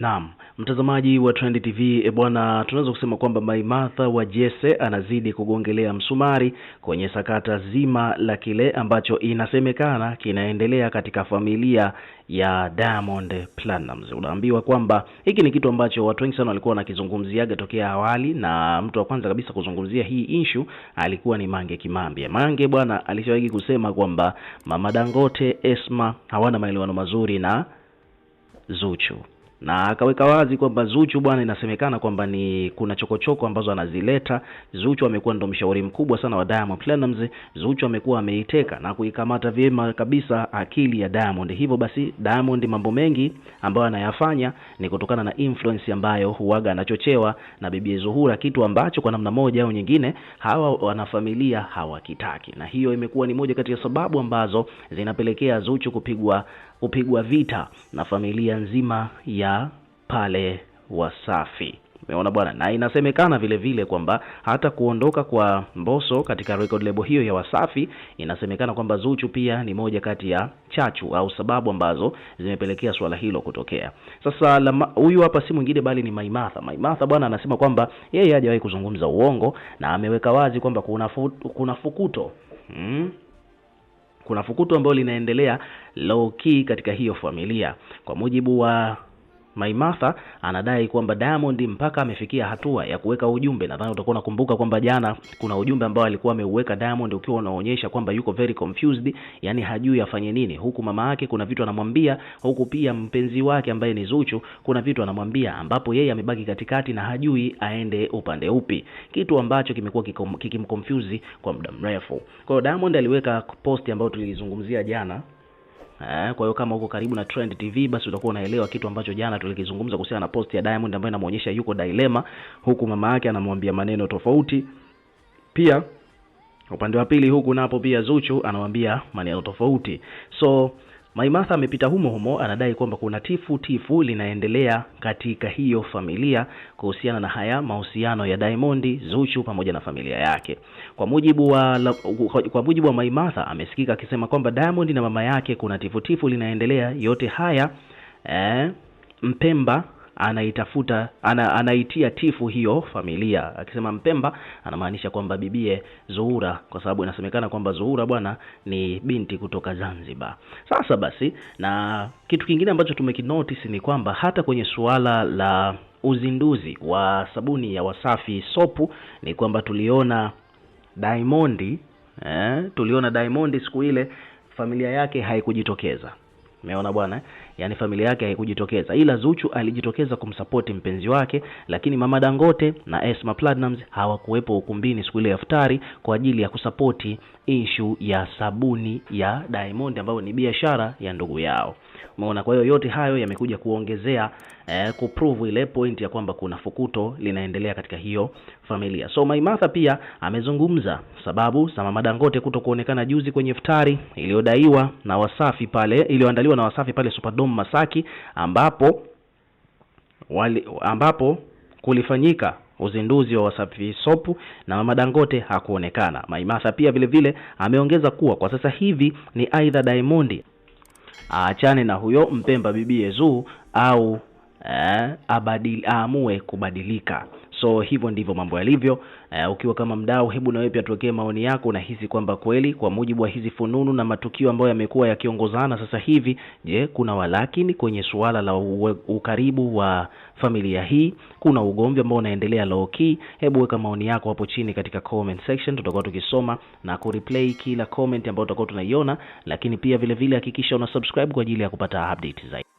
Naam, mtazamaji wa Trend TV, e eh, bwana, tunaweza kusema kwamba Maimartha wa Jesse anazidi kugongelea msumari kwenye sakata zima la kile ambacho inasemekana kinaendelea katika familia ya Diamond Platnumz. Unaambiwa kwamba hiki ni kitu ambacho watu wengi sana walikuwa wanakizungumziaga tokea awali, na mtu wa kwanza kabisa kuzungumzia hii issue alikuwa ni Mange Kimambi. Mange bwana alishawahi kusema kwamba Mama Dangote, Esma hawana maelewano mazuri na Zuchu na akaweka wazi kwamba Zuchu bwana, inasemekana kwamba ni kuna chokochoko ambazo anazileta. Zuchu amekuwa ndo mshauri mkubwa sana wa Diamond Platinumz. Zuchu amekuwa ameiteka na kuikamata vyema kabisa akili ya Diamond. Hivyo basi, Diamond mambo mengi ambayo anayafanya ni kutokana na influence ambayo huaga anachochewa na Bibi Zuhura, kitu ambacho kwa namna moja au nyingine hawa wanafamilia hawakitaki, na hiyo imekuwa ni moja kati ya sababu ambazo zinapelekea Zuchu kupigwa kupigwa vita na familia nzima ya pale Wasafi. Umeona bwana, na inasemekana vile vile kwamba hata kuondoka kwa Mbosso katika record label hiyo ya Wasafi, inasemekana kwamba Zuchu pia ni moja kati ya chachu au sababu ambazo zimepelekea swala hilo kutokea. Sasa huyu hapa si mwingine bali ni maimatha maimatha bwana anasema kwamba yeye hajawahi kuzungumza uongo na ameweka wazi kwamba kuna, fu, kuna fukuto hmm? kuna fukuto ambalo linaendelea low key katika hiyo familia, kwa mujibu wa Maimartha anadai kwamba Diamond mpaka amefikia hatua ya kuweka ujumbe. Nadhani utakuwa unakumbuka kwamba jana kuna ujumbe ambao alikuwa ameuweka Diamond ukiwa unaonyesha kwamba yuko very confused, yani hajui afanye nini, huku mama yake kuna vitu anamwambia, huku pia mpenzi wake ambaye ni Zuchu kuna vitu anamwambia, ambapo yeye amebaki katikati na hajui aende upande upi, kitu ambacho kimekuwa kikimconfuse kwa muda mrefu. Kwa hiyo Diamond aliweka post ambayo tulizungumzia jana Eh, kwa hiyo kama uko karibu na Trend TV basi utakuwa unaelewa kitu ambacho jana tulikizungumza kuhusiana na post ya Diamond ambayo inamuonyesha yuko dilema, huku mama yake anamwambia maneno tofauti. Pia upande wa pili huku napo pia Zuchu anamwambia maneno tofauti so maimatha amepita humo humo, anadai kwamba kuna tifu tifu linaendelea katika hiyo familia kuhusiana na haya mahusiano ya Diamond, Zuchu pamoja na familia yake. Kwa mujibu wa kwa mujibu wa Maimartha, amesikika akisema kwamba Diamond na mama yake kuna tifu tifu linaendelea. Yote haya eh, Mpemba anaitafuta ana, anaitia tifu hiyo familia. Akisema Mpemba anamaanisha kwamba bibie Zuhura, kwa sababu inasemekana kwamba Zuhura bwana ni binti kutoka Zanzibar. Sasa basi, na kitu kingine ambacho tumekinotisi ni kwamba hata kwenye suala la uzinduzi wa sabuni ya Wasafi sopu ni kwamba tuliona Diamond eh, tuliona Diamond siku ile familia yake haikujitokeza. Umeona bwana, yaani familia yake haikujitokeza, ila Zuchu alijitokeza kumsapoti mpenzi wake, lakini Mama Dangote na Esma Platinumz hawakuwepo ukumbini siku ile ya iftari kwa ajili ya kusapoti ishu ya sabuni ya Diamond ambayo ni biashara ya ndugu yao. Umeona, kwa hiyo yote hayo yamekuja kuongezea eh, kuprove ile point ya kwamba kuna fukuto linaendelea katika hiyo familia. So Maimartha pia amezungumza sababu za Mama Dangote kuto kuonekana juzi kwenye iftari iliyodaiwa na Wasafi pale iliyoandaliwa na Wasafi pale Superdome Masaki ambapo wali, ambapo kulifanyika uzinduzi wa Wasafi Sopu na Mama Dangote hakuonekana. Maimartha pia vilevile ameongeza kuwa kwa sasa hivi ni aidha Diamond aachane na huyo mpemba bibie Zuu au eh, abadil, aamue kubadilika. So hivyo ndivyo mambo yalivyo. Uh, ukiwa kama mdau, hebu na wewe pia tuwekee maoni yako. Unahisi kwamba kweli kwa mujibu wa hizi fununu na matukio ambayo yamekuwa yakiongozana sasa hivi, je, kuna walakini kwenye suala la ukaribu wa familia hii? Kuna ugomvi ambao unaendelea low key? Hebu weka maoni yako hapo chini katika comment section, tutakuwa tukisoma na kureplay kila comment ambayo tutakuwa tunaiona, lakini pia vilevile hakikisha una subscribe kwa ajili ya kupata update zaidi.